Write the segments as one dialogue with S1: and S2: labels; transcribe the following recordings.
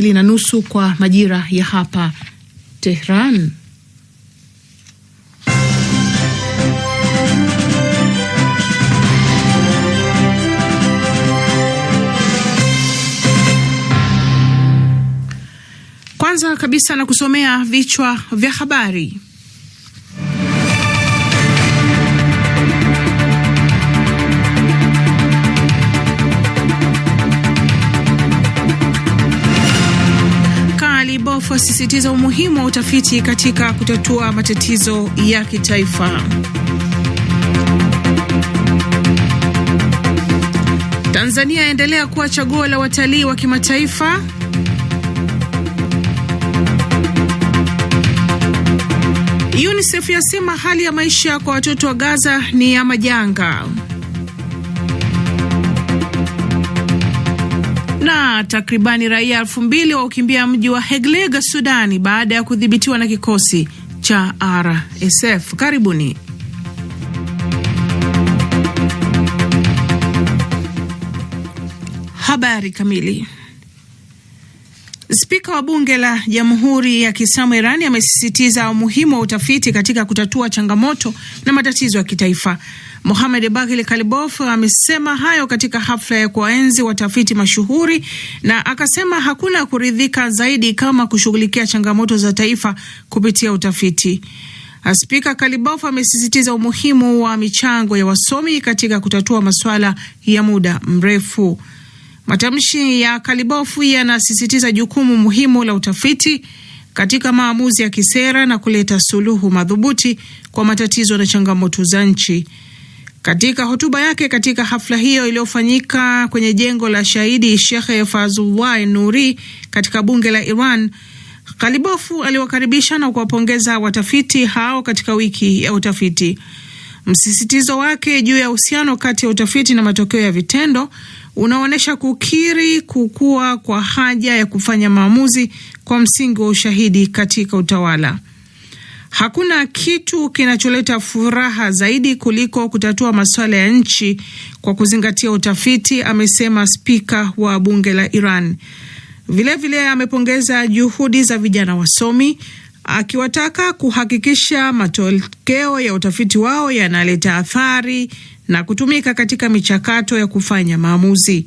S1: mbili na nusu kwa majira ya hapa Tehran. Kwanza kabisa na kusomea vichwa vya habari. amesisitiza umuhimu wa utafiti katika kutatua matatizo ya kitaifa. Tanzania yaendelea kuwa chaguo la watalii wa kimataifa. UNICEF yasema hali ya maisha kwa watoto wa Gaza ni ya majanga. Na takribani raia elfu mbili waukimbia mji wa Heglega, Sudani, baada ya kudhibitiwa na kikosi cha RSF. Karibuni. Habari kamili. Spika wa bunge la Jamhuri ya Kiislamu Irani amesisitiza umuhimu wa utafiti katika kutatua changamoto na matatizo ya kitaifa. Mohamed Baghili Kalibof amesema hayo katika hafla ya kuwaenzi watafiti mashuhuri na akasema hakuna kuridhika zaidi kama kushughulikia changamoto za taifa kupitia utafiti. Spika Kalibof amesisitiza umuhimu wa michango ya wasomi katika kutatua masuala ya muda mrefu. Matamshi ya kalibof yanasisitiza jukumu muhimu la utafiti katika maamuzi ya kisera na kuleta suluhu madhubuti kwa matatizo na changamoto za nchi. Katika hotuba yake katika hafla hiyo iliyofanyika kwenye jengo la shahidi Shekhe Fazullah Nuri katika bunge la Iran, Kalibofu aliwakaribisha na kuwapongeza watafiti hao katika wiki ya utafiti. Msisitizo wake juu ya uhusiano kati ya utafiti na matokeo ya vitendo unaonyesha kukiri kukua kwa haja ya kufanya maamuzi kwa msingi wa ushahidi katika utawala. Hakuna kitu kinacholeta furaha zaidi kuliko kutatua masuala ya nchi kwa kuzingatia utafiti, amesema spika wa bunge la Iran. Vilevile vile amepongeza juhudi za vijana wasomi akiwataka kuhakikisha matokeo ya utafiti wao yanaleta athari na kutumika katika michakato ya kufanya maamuzi.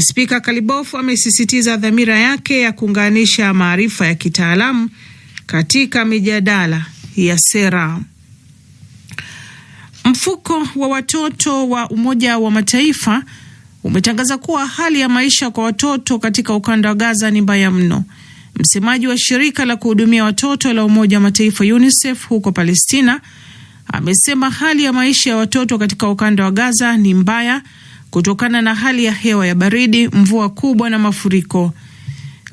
S1: Spika Kalibof amesisitiza dhamira yake ya kuunganisha maarifa ya kitaalamu katika mijadala ya sera. Mfuko wa watoto wa Umoja wa Mataifa umetangaza kuwa hali ya maisha kwa watoto katika ukanda wa Gaza ni mbaya mno. Msemaji wa shirika la kuhudumia watoto la Umoja wa Mataifa UNICEF huko Palestina amesema hali ya maisha ya watoto katika ukanda wa Gaza ni mbaya kutokana na hali ya hewa ya baridi, mvua kubwa na mafuriko.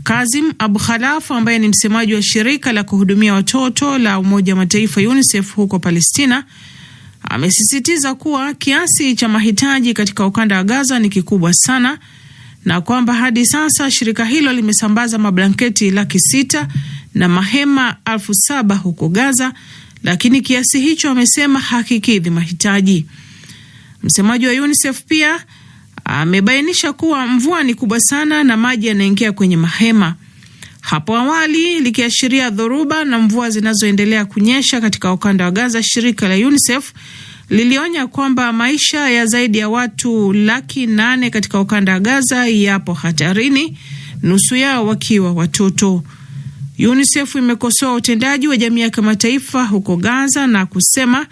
S1: Kazim Abu Khalaf ambaye ni msemaji wa shirika la kuhudumia watoto la Umoja wa Mataifa UNICEF huko Palestina amesisitiza kuwa kiasi cha mahitaji katika ukanda wa Gaza ni kikubwa sana na kwamba hadi sasa shirika hilo limesambaza mablanketi laki sita na mahema elfu saba huko Gaza, lakini kiasi hicho amesema hakikidhi mahitaji. Msemaji wa UNICEF pia amebainisha kuwa mvua ni kubwa sana na maji yanaingia kwenye mahema, hapo awali likiashiria dhoruba na mvua zinazoendelea kunyesha katika ukanda wa Gaza. Shirika la UNICEF lilionya kwamba maisha ya zaidi ya watu laki nane katika ukanda wa Gaza yapo hatarini, nusu yao wakiwa watoto. UNICEF imekosoa utendaji wa jamii ya kimataifa huko Gaza na kusema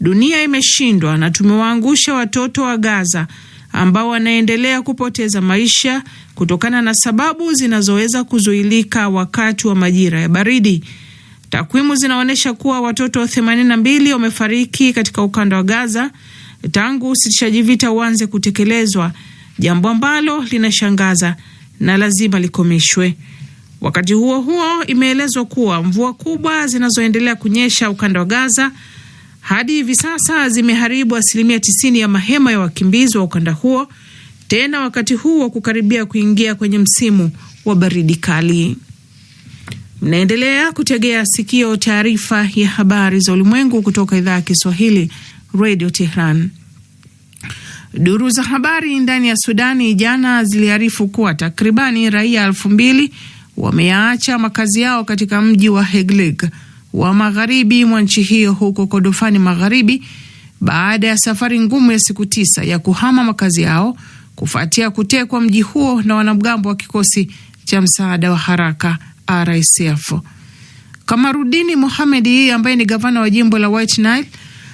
S1: dunia imeshindwa na tumewaangusha watoto wa Gaza ambao wanaendelea kupoteza maisha kutokana na sababu zinazoweza kuzuilika wakati wa majira ya baridi. Takwimu zinaonyesha kuwa watoto 82 wamefariki katika ukanda wa Gaza tangu usitishaji vita uanze kutekelezwa, jambo ambalo linashangaza na lazima likomeshwe. Wakati huo huo, imeelezwa kuwa mvua kubwa zinazoendelea kunyesha ukanda wa Gaza hadi hivi sasa zimeharibu asilimia 90 ya mahema ya wakimbizi wa ukanda huo, tena wakati huu wa kukaribia kuingia kwenye msimu wa baridi kali. Mnaendelea kutegea sikio taarifa ya habari za ulimwengu kutoka idhaa ya Kiswahili, Radio Tehran. Duru za habari ndani ya Sudani jana ziliarifu kuwa takribani raia elfu mbili wameyaacha makazi yao katika mji wa Heglig wa magharibi mwa nchi hiyo huko Kordofani Magharibi, baada ya safari ngumu ya siku tisa ya kuhama makazi yao kufuatia kutekwa mji huo na wanamgambo wa kikosi cha msaada wa haraka RSF. Kamarudini Mohamed ambaye ni gavana wa jimbo la White Nile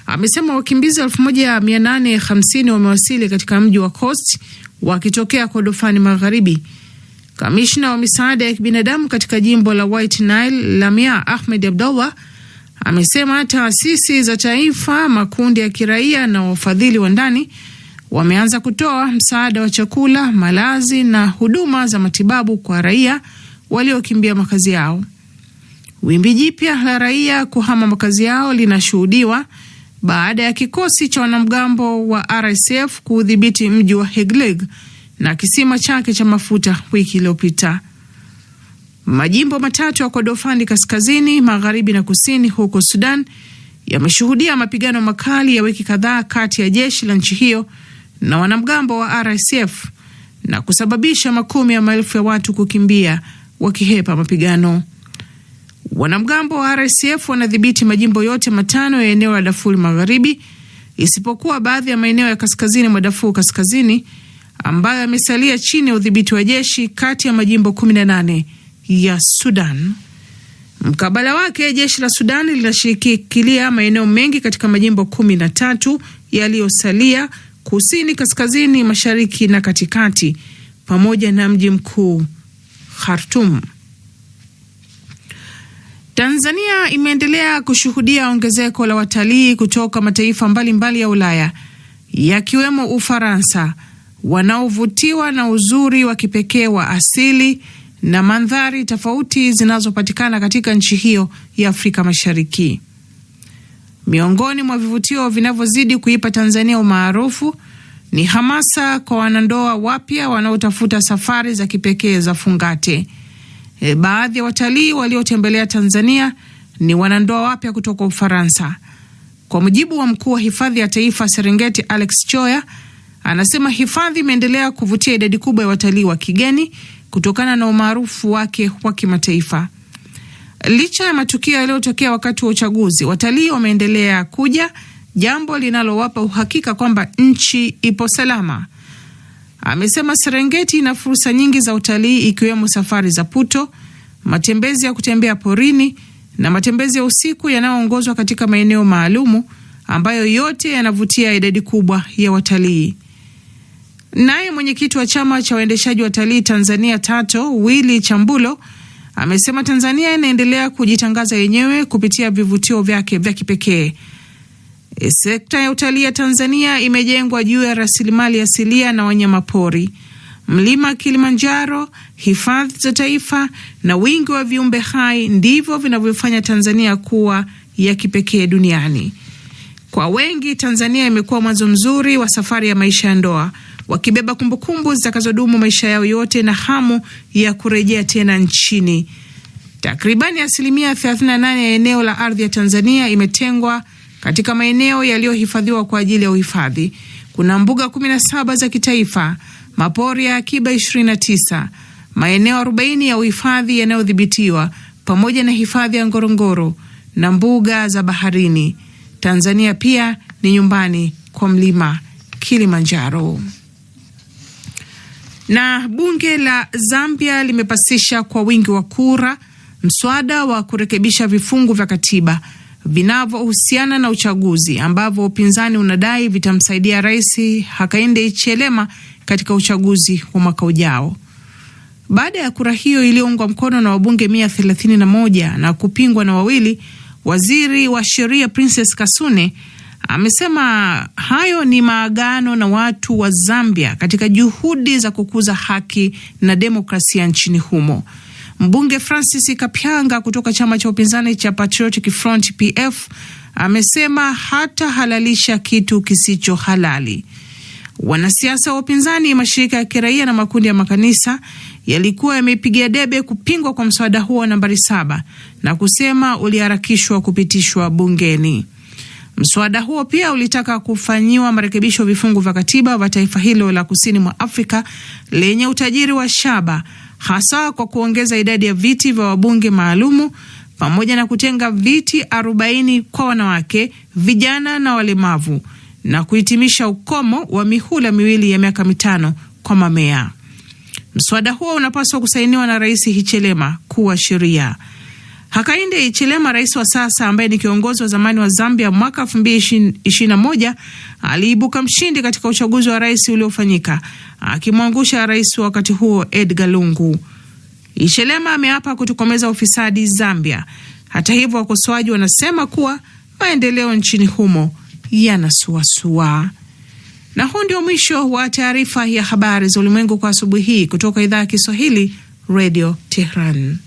S1: amesema wakimbizi 1850 wamewasili katika mji wa Coast wakitokea Kordofani Magharibi Kamishna wa misaada ya kibinadamu katika jimbo la White Nile Lamia Ahmed Abdullah amesema taasisi za taifa, makundi ya kiraia na wafadhili wa ndani wameanza kutoa msaada wa chakula, malazi na huduma za matibabu kwa raia waliokimbia makazi yao. Wimbi jipya la raia kuhama makazi yao linashuhudiwa baada ya kikosi cha wanamgambo wa RSF kuudhibiti mji wa Hegleg na kisima chake cha mafuta wiki iliyopita. Majimbo matatu ya Kordofani kaskazini, magharibi na kusini huko Sudan yameshuhudia mapigano makali ya wiki kadhaa kati ya jeshi la nchi hiyo na wanamgambo wa RSF na kusababisha makumi ya maelfu ya watu kukimbia wakihepa mapigano. Wanamgambo wa RSF wanadhibiti majimbo yote matano ya eneo la Darfur Magharibi isipokuwa baadhi ya maeneo ya kaskazini mwa Darfur Kaskazini ambayo yamesalia chini ya udhibiti wa jeshi kati ya majimbo 18 ya Sudan. Mkabala wake, jeshi la Sudan linashikilia maeneo mengi katika majimbo 13 yaliyosalia kusini, kaskazini, mashariki na katikati, pamoja na mji mkuu Khartoum. Tanzania imeendelea kushuhudia ongezeko la watalii kutoka mataifa mbalimbali mbali ya Ulaya yakiwemo Ufaransa wanaovutiwa na uzuri wa kipekee wa asili na mandhari tofauti zinazopatikana katika nchi hiyo ya Afrika Mashariki. Miongoni mwa vivutio vinavyozidi kuipa Tanzania umaarufu ni hamasa kwa wanandoa wapya wanaotafuta safari za kipekee za fungate. E, baadhi ya watalii waliotembelea Tanzania ni wanandoa wapya kutoka Ufaransa. Kwa mujibu wa mkuu wa hifadhi ya taifa Serengeti Alex Choya Anasema hifadhi imeendelea kuvutia idadi kubwa ya watalii wa kigeni kutokana na umaarufu wake wa kimataifa. Licha ya matukio yaliyotokea wakati wa uchaguzi, watalii wameendelea kuja, jambo linalowapa uhakika kwamba nchi ipo salama. Amesema Serengeti ina fursa nyingi za utalii, ikiwemo safari za puto, matembezi ya kutembea porini na matembezi ya usiku yanayoongozwa katika maeneo maalumu ambayo yote yanavutia idadi kubwa ya watalii. Naye mwenyekiti wa chama cha waendeshaji watalii Tanzania Tato, Willy Chambulo amesema Tanzania inaendelea kujitangaza yenyewe kupitia vivutio vyake vya kipekee. E, sekta ya utalii ya Tanzania imejengwa juu ya rasilimali asilia na wanyamapori, mlima Kilimanjaro, hifadhi za taifa na wingi wa viumbe hai ndivyo vinavyofanya Tanzania kuwa ya kipekee duniani. Kwa wengi, Tanzania imekuwa mwanzo mzuri wa safari ya maisha ya ndoa wakibeba kumbukumbu zitakazodumu maisha yao yote na hamu ya kurejea tena nchini. Takribani asilimia 38 ya eneo la ardhi ya Tanzania imetengwa katika maeneo yaliyohifadhiwa kwa ajili ya uhifadhi. Kuna mbuga 17 za kitaifa, mapori ya akiba 29, maeneo 40 ya uhifadhi yanayodhibitiwa pamoja na hifadhi ya Ngorongoro na mbuga za baharini. Tanzania pia ni nyumbani kwa mlima Kilimanjaro. Na bunge la Zambia limepasisha kwa wingi wa kura mswada wa kurekebisha vifungu vya katiba vinavyohusiana na uchaguzi ambavyo upinzani unadai vitamsaidia Rais Hakainde Hichilema katika uchaguzi wa mwaka ujao. Baada ya kura hiyo iliyoungwa mkono na wabunge mia thelathini na moja na kupingwa na wawili, waziri wa sheria Princess Kasune Amesema hayo ni maagano na watu wa Zambia katika juhudi za kukuza haki na demokrasia nchini humo. Mbunge Francis Kapyanga kutoka chama cha upinzani cha Patriotic Front PF amesema hata halalisha kitu kisicho halali. Wanasiasa wa upinzani, mashirika ya kiraia na makundi ya makanisa yalikuwa yamepigia debe kupingwa kwa mswada huo nambari saba na kusema uliharakishwa kupitishwa bungeni. Mswada huo pia ulitaka kufanyiwa marekebisho vifungu vya katiba vya taifa hilo la kusini mwa Afrika lenye utajiri wa shaba, hasa kwa kuongeza idadi ya viti vya wabunge maalumu pamoja na kutenga viti 40 kwa wanawake, vijana na walemavu na kuhitimisha ukomo wa mihula miwili ya miaka mitano kwa mamea. Mswada huo unapaswa kusainiwa na Rais Hichelema kuwa sheria. Hakainde Hichilema, rais wa sasa ambaye ni kiongozi wa zamani wa Zambia, mwaka 2021 aliibuka mshindi katika uchaguzi wa rais uliofanyika akimwangusha rais wa wakati huo Edgar Lungu. Hichilema ameapa kutokomeza ufisadi Zambia. Hata hivyo, wakosoaji wanasema kuwa maendeleo nchini humo yanasuasua. Na huu ndio mwisho wa taarifa ya habari za ulimwengu kwa asubuhi hii kutoka idhaa ya Kiswahili, Radio Tehran.